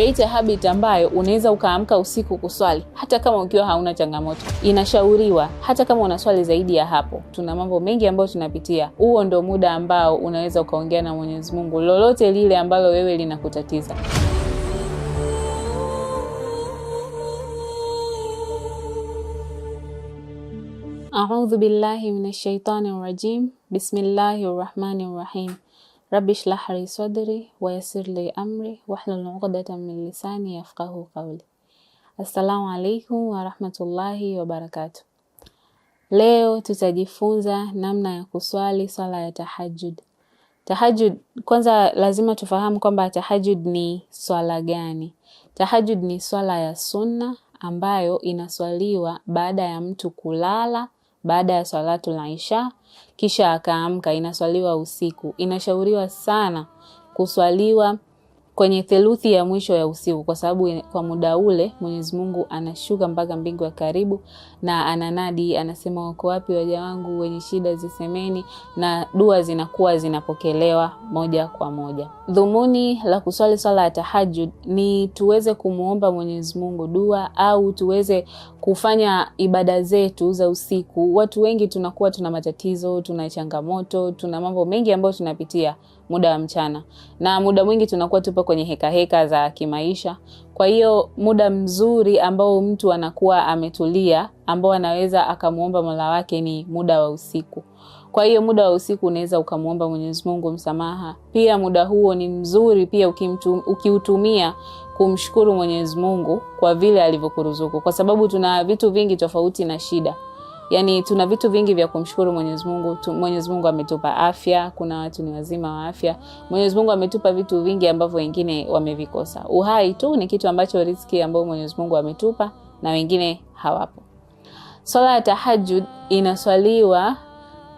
create a habit ambayo unaweza ukaamka usiku kuswali hata kama ukiwa hauna changamoto. Inashauriwa hata kama una swali zaidi ya hapo, tuna mambo mengi ambayo tunapitia. Huo ndo muda ambao unaweza ukaongea na Mwenyezi Mungu lolote lile ambalo wewe linakutatiza. Audhu billahi minash shaitani rajim. Bismillahi rahmani rahim. رب اشرح لي صدري ويسر amri أمري واحلل عقدة lisani yafqahu qawli. Assalamu alaikum warahmatullahi wabarakatu. Leo tutajifunza namna ya kuswali swala ya tahajjud. Tahajjud, kwanza lazima tufahamu kwamba tahajjud ni swala gani. Tahajjud ni swala ya sunna ambayo inaswaliwa baada ya mtu kulala baada ya la Isha, kisha akaamka. Inaswaliwa usiku, inashauriwa sana kuswaliwa kwenye theluthi ya mwisho ya usiku, kwa sababu kwa muda ule Mwenyezi Mungu anashuka mpaka mbingu ya karibu na ananadi, anasema, wako wapi waja wangu wenye shida, zisemeni, na dua zinakuwa zinapokelewa moja kwa moja. Dhumuni la kuswali swala ya tahajjud ni tuweze kumwomba Mwenyezi Mungu dua au tuweze kufanya ibada zetu za usiku. Watu wengi tunakuwa tuna matatizo, tuna changamoto, tuna mambo mengi ambayo tunapitia muda wa mchana, na muda mwingi tunakuwa tupo kwenye hekaheka heka za kimaisha. Kwa hiyo muda mzuri ambao mtu anakuwa ametulia, ambao anaweza akamwomba Mola wake ni muda wa usiku. Kwa hiyo muda wa usiku unaweza ukamwomba Mwenyezi Mungu msamaha. Pia muda huo ni mzuri pia ukiutumia kumshukuru Mwenyezi Mungu kwa vile alivyokuruzuku, kwa sababu tuna vitu vingi tofauti na shida yani tuna vitu vingi vya kumshukuru Mwenyezi Mungu. Mwenyezi Mungu ametupa afya, kuna watu ni wazima wa afya. Mwenyezi Mungu ametupa vitu vingi ambavyo wengine wamevikosa. Uhai tu ni kitu ambacho riziki ambayo Mwenyezi Mungu ametupa na wengine hawapo. Swala ya tahajjud inaswaliwa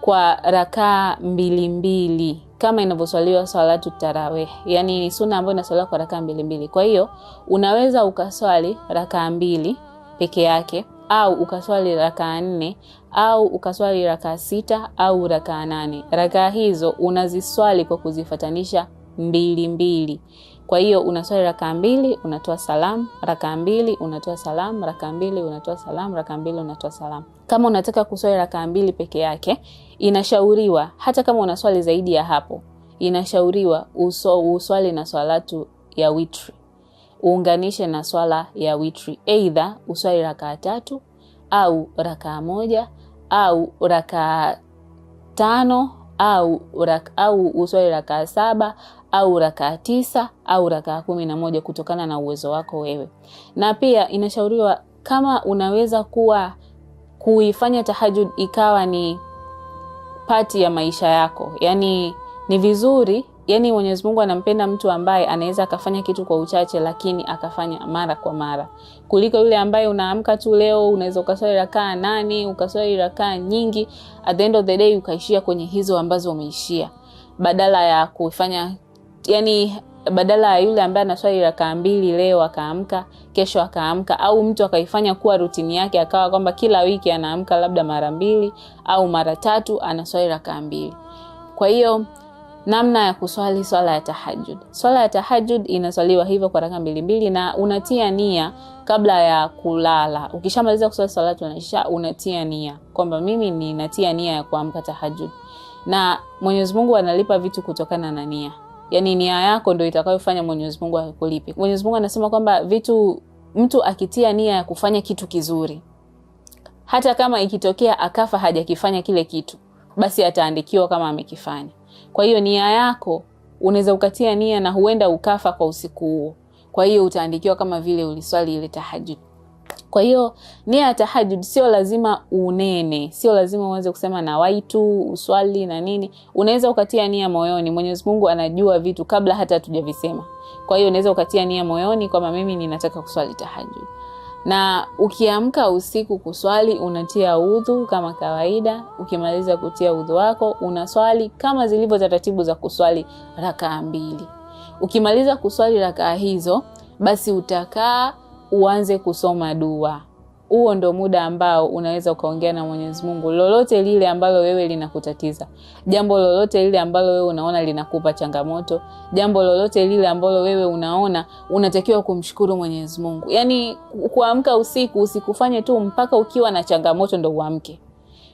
kwa rakaa mbili mbili kama inavyoswaliwa swalatu tarawih, yaani ni sunna ambayo inaswaliwa kwa rakaa mbili mbili. Kwa hiyo unaweza ukaswali rakaa mbili peke yake au ukaswali rakaa nne au ukaswali rakaa sita au rakaa nane. Rakaa hizo unaziswali kwa kuzifatanisha mbili mbili. Kwa hiyo unaswali rakaa mbili, unatoa salamu, rakaa mbili, unatoa salamu, rakaa mbili, unatoa salamu, rakaa mbili, unatoa salamu. Kama unataka kuswali rakaa mbili peke yake, inashauriwa hata kama unaswali zaidi ya hapo, inashauriwa uso, uswali na swalatu ya witri uunganishe na swala ya witri, eidha uswali rakaa tatu au rakaa moja au rakaa tano au, au uswali rakaa saba au rakaa tisa au rakaa kumi na moja kutokana na uwezo wako wewe. Na pia inashauriwa kama unaweza kuwa kuifanya tahajud ikawa ni pati ya maisha yako, yani ni vizuri yani Mwenyezi Mungu anampenda mtu ambaye anaweza akafanya kitu kwa uchache, lakini akafanya mara kwa mara, kuliko yule ambaye unaamka tu leo, unaweza ukaswali rakaa nane ukaswali rakaa nyingi, at the end of the day ukaishia kwenye hizo ambazo umeishia, badala ya kufanya yani badala ya yule ambaye anaswali rakaa mbili leo akaamka, kesho akaamka, au mtu akaifanya kuwa rutini yake, akawa kwamba kila wiki anaamka labda mara mbili au mara tatu, anaswali rakaa mbili. Kwa hiyo Namna ya kuswali swala ya tahajud Swala ya tahajud inaswaliwa hivyo kwa raka mbili mbili, na unatia nia kabla ya kulala. Ukishamaliza kuswali salatu al unatia nia kwamba mimi ninatia nia ya kuamka tahajud na Mwenyezi Mungu analipa vitu kutokana na nia. Yani nia yako ndo itakayofanya Mwenyezi Mungu akulipe. Mwenyezi Mungu anasema kwamba vitu, mtu akitia nia ya kufanya kitu kizuri, hata kama ikitokea akafa hajakifanya kile kitu, basi ataandikiwa kama amekifanya. Kwa hiyo nia yako unaweza ukatia nia na huenda ukafa kwa usiku huo, kwa hiyo utaandikiwa kama vile uliswali ile tahajud. Kwa hiyo nia ya tahajud sio lazima unene, sio lazima uanze kusema na waitu uswali na nini. Unaweza ukatia nia moyoni. Mwenyezi Mungu anajua vitu kabla hata hatujavisema. Kwa hiyo unaweza ukatia nia moyoni kwamba mimi ninataka kuswali tahajud na ukiamka usiku kuswali unatia udhu kama kawaida. Ukimaliza kutia udhu wako unaswali kama zilivyo taratibu za kuswali rakaa mbili. Ukimaliza kuswali rakaa hizo, basi utakaa uanze kusoma dua huo ndo muda ambao unaweza ukaongea na Mwenyezi Mungu lolote lile ambalo wewe linakutatiza, jambo lolote lile ambalo wewe unaona linakupa changamoto, jambo lolote lile ambalo wewe unaona unatakiwa kumshukuru Mwenyezi Mungu. Yaani kuamka usiku usikufanye tu mpaka ukiwa na changamoto ndo uamke.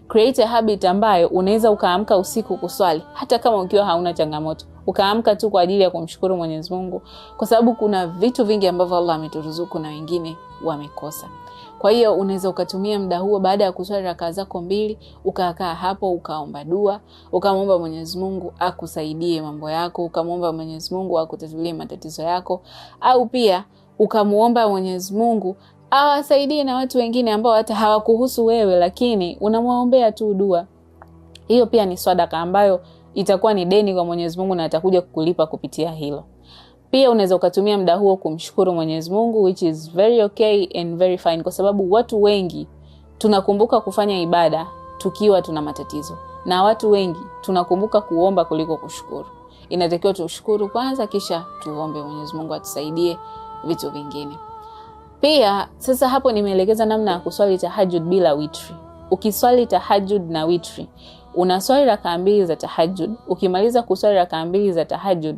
Create a habit ambayo unaweza ukaamka usiku kuswali hata kama ukiwa hauna changamoto, ukaamka tu kwa ajili ya kumshukuru Mwenyezi Mungu, kwa sababu kuna vitu vingi ambavyo Allah ameturuzuku na wengine wamekosa. Kwa hiyo unaweza ukatumia muda huo baada ya kuswali rakaa zako mbili, ukakaa hapo ukaomba dua, ukamwomba Mwenyezi Mungu akusaidie mambo yako, ukamwomba Mwenyezi Mungu akutatulie matatizo yako, au pia ukamwomba Mwenyezi Mungu awasaidie ah, na watu wengine ambao hata hawakuhusu wewe, lakini unamwaombea tu dua. Hiyo pia ni sadaka ambayo itakuwa ni deni kwa Mwenyezi Mungu na atakuja kukulipa kupitia hilo. Pia unaweza ukatumia muda huo kumshukuru Mwenyezi Mungu, which is very okay and very fine, kwa sababu watu wengi tunakumbuka kufanya ibada tukiwa tuna matatizo, na watu wengi tunakumbuka kuomba kuliko kushukuru. Inatakiwa tushukuru kwanza, kisha tuombe Mwenyezi Mungu atusaidie vitu vingine. Pia sasa hapo nimeelekeza namna ya kuswali tahajud bila witri. Ukiswali tahajud na witri, unaswali rakaa mbili za tahajud. Ukimaliza kuswali rakaa mbili za tahajud,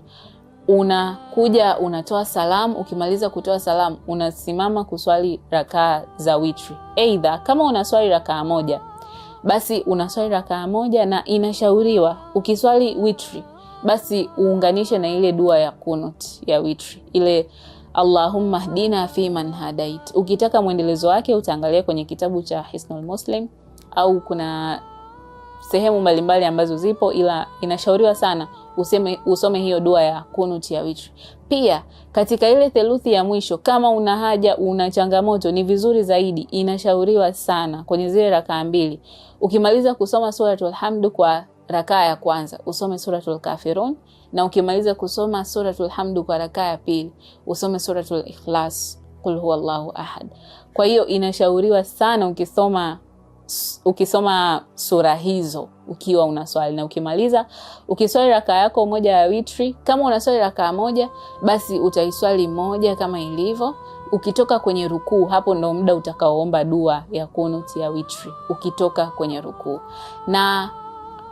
unakuja unatoa salamu. Ukimaliza kutoa salamu, unasimama kuswali rakaa za witri. Aidha, kama unaswali rakaa moja, basi unaswali rakaa moja, na inashauriwa ukiswali witri, basi uunganishe na ile dua ya kunut ya witri ile Allahumma hdina fi man hadait. Ukitaka mwendelezo wake utaangalia kwenye kitabu cha Hisnul Muslim au kuna sehemu mbalimbali ambazo zipo, ila inashauriwa sana useme, usome hiyo dua ya kunut ya witri. Pia katika ile theluthi ya mwisho, kama una haja, una changamoto, ni vizuri zaidi, inashauriwa sana kwenye zile rakaa mbili. Ukimaliza kusoma suratul hamdu kwa rakaa ya kwanza, usome suratul kafirun na ukimaliza kusoma Suratul Hamdu kwa rakaa ya pili usome Suratul Ikhlas, Qul huwallahu ahad. Kwa hiyo inashauriwa sana ukisoma ukisoma sura hizo ukiwa unaswali na ukimaliza, ukiswali rakaa yako moja ya witri, kama unaswali rakaa moja, basi utaiswali moja kama ilivyo. Ukitoka kwenye rukuu, hapo ndo muda utakaoomba dua ya kunuti ya witri, ukitoka kwenye rukuu na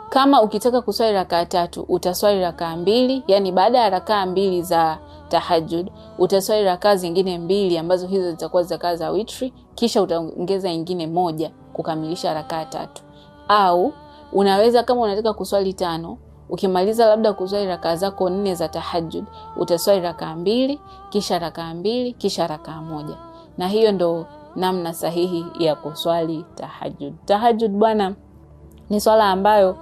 kama ukitaka kuswali rakaa tatu utaswali rakaa mbili, yani baada ya rakaa mbili za tahajud utaswali rakaa zingine mbili ambazo hizo zitakuwa zakaa za witri, kisha utaongeza ingine moja kukamilisha rakaa tatu. Au unaweza kama unataka kuswali tano ukimaliza labda kuswali rakaa zako nne za tahajud utaswali rakaa mbili kisha rakaa mbili kisha rakaa moja, na hiyo ndo namna sahihi ya kuswali tahajud. Tahajud bwana ni swala ambayo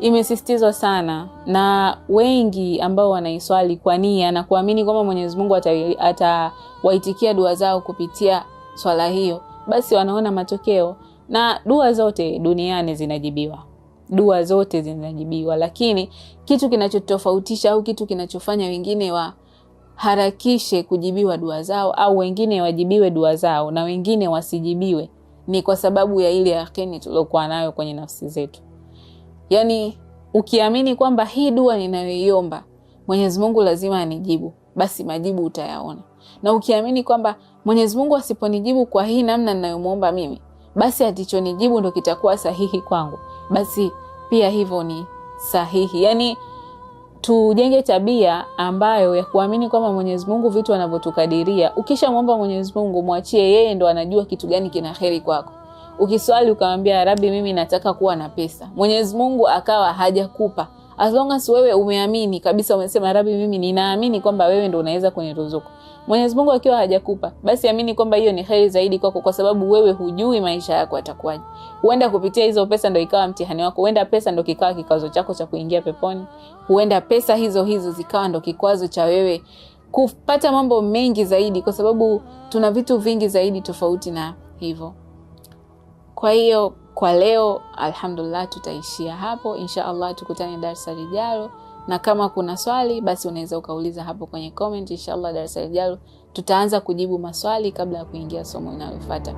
imesisitizwa sana na wengi ambao wanaiswali kwa nia na kuamini kwamba Mwenyezi Mungu atawaitikia dua zao kupitia swala hiyo, basi wanaona matokeo. Na dua zote duniani zinajibiwa, dua zote zinajibiwa, lakini kitu kinachotofautisha au kitu kinachofanya wengine waharakishe kujibiwa dua zao au wengine wajibiwe dua zao na wengine wasijibiwe ni kwa sababu ya ile yakini tuliokuwa nayo kwenye nafsi zetu. Yaani ukiamini kwamba hii dua ninayoiomba Mwenyezi Mungu lazima anijibu, basi majibu utayaona, na ukiamini kwamba Mwenyezi Mungu asiponijibu kwa hii namna ninayomwomba mimi, basi atichonijibu ndo kitakuwa sahihi kwangu, basi pia hivyo ni sahihi. Yaani tujenge tabia ambayo ya kuamini kwamba Mwenyezi Mungu vitu anavyotukadiria. Ukishamwomba Mwenyezi Mungu, mwachie yeye, ndo anajua kitu gani kina heri kwako ukiswali ukamwambia Rabi, mimi nataka kuwa na pesa, Mwenyezi Mungu akawa hajakupa as long as wewe umeamini kabisa, umesema Rabi, mimi ninaamini kwamba wewe ndo unaweza kuniruzuku. Mwenyezi Mungu akiwa hajakupa, basi amini kwamba hiyo ni heri zaidi kwako, kwa sababu wewe hujui maisha yako atakuwaji Huenda kupitia hizo pesa ndo ikawa mtihani wako, huenda pesa ndo kikawa kikwazo chako cha kuingia peponi, huenda pesa hizo hizo zikawa ndo kikwazo cha wewe kupata mambo mengi zaidi, kwa sababu tuna vitu vingi zaidi tofauti na hivyo. Kwa hiyo kwa leo alhamdulillah, tutaishia hapo. Insha allah tukutane darsa lijalo, na kama kuna swali basi unaweza ukauliza hapo kwenye comment. Insha allah darsa lijalo tutaanza kujibu maswali kabla ya kuingia somo linalofuata.